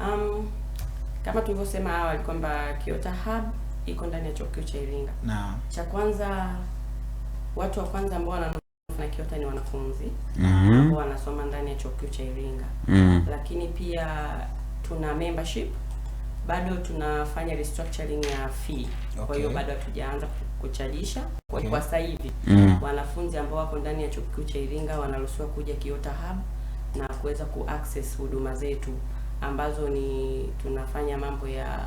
Um, kama tulivyosema awali kwamba Kiota Hub iko ndani ya chuo kikuu cha Iringa. Naam. Cha kwanza watu wa kwanza ambao wananufaika na Kiota ni wanafunzi mm -hmm. ambao wanasoma ndani ya chuo kikuu cha Iringa. Mm -hmm. Lakini pia tuna membership bado tunafanya restructuring ya fee. Okay. Kwa hiyo bado hatujaanza kuchajisha. Kwa hiyo okay. Kwa sasa hivi mm -hmm. wanafunzi ambao wako ndani ya chuo kikuu cha Iringa wanaruhusiwa kuja Kiota Hub na kuweza kuaccess huduma zetu ambazo ni tunafanya mambo ya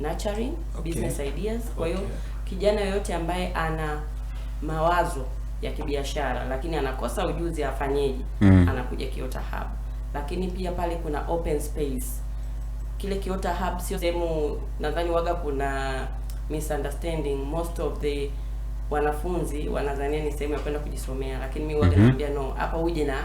nurturing, okay. business ideas. Kwa hiyo okay. kijana yoyote ambaye ana mawazo ya kibiashara lakini anakosa ujuzi afanyeje, mm. anakuja Kiota Hub. Lakini pia pale kuna open space. Kile Kiota Hub sio sehemu, nadhani waga kuna misunderstanding most of the wanafunzi wanadhania ni sehemu ya kwenda kujisomea, lakini mimi waga mm -hmm. no, hapa uje na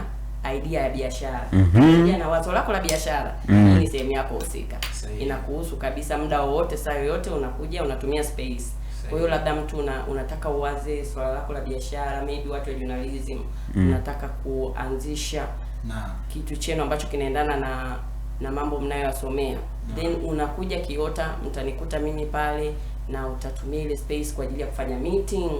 idea ya biashara mm -hmm. na wazo lako la biashara mm -hmm. ni sehemu yako husika, inakuhusu kabisa, muda wowote, saa yoyote, unakuja unatumia space. Kwa hiyo labda mtu una, unataka uwaze swala lako la biashara, maybe watu wa journalism mm -hmm. unataka kuanzisha na kitu chenu ambacho kinaendana na na mambo mnayoyasomea then unakuja Kiota, mtanikuta mimi pale na utatumia ile space kwa ajili ya kufanya meeting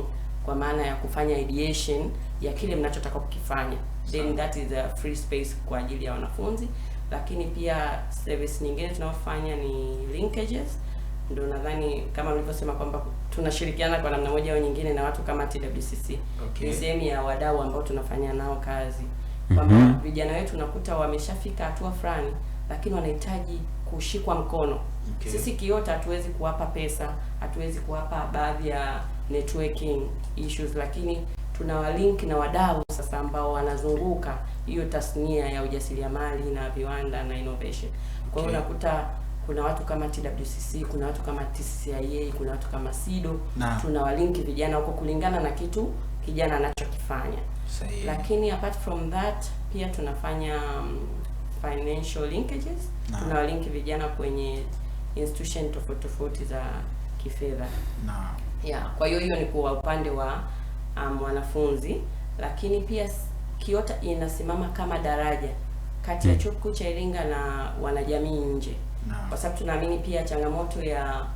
kwa maana ya kufanya ideation ya kile mnachotaka kukifanya, then that is a free space kwa ajili ya wanafunzi. Lakini pia service nyingine tunayofanya ni linkages, ndio nadhani kama mlivyosema kwamba tunashirikiana kwa namna moja au nyingine na watu kama TWCC. Okay. Ni sehemu ya wadau ambao tunafanya nao kazi mhm. kwamba mm -hmm. vijana wetu nakuta wameshafika hatua fulani, lakini wanahitaji kushikwa mkono. Okay. Sisi Kiota hatuwezi kuwapa pesa, hatuwezi kuwapa baadhi ya networking issues, lakini tunawalink na wadau sasa ambao wanazunguka hiyo tasnia ya ujasiriamali na viwanda na innovation. Kwa hiyo okay, unakuta kuna watu kama TWCC, kuna watu kama TCCIA, kuna watu kama SIDO nah, tunawalinki vijana huko kulingana na kitu kijana anachokifanya. Lakini apart from that pia tunafanya um, financial linkages nah, tunawalinki vijana kwenye institution tofauti tofauti za kifedha yeah. Kwa hiyo hiyo ni kwa upande wa mwanafunzi um, lakini pia Kiota inasimama kama daraja kati ya hmm. chuo kikuu cha Iringa na wanajamii nje, kwa sababu tunaamini pia changamoto ya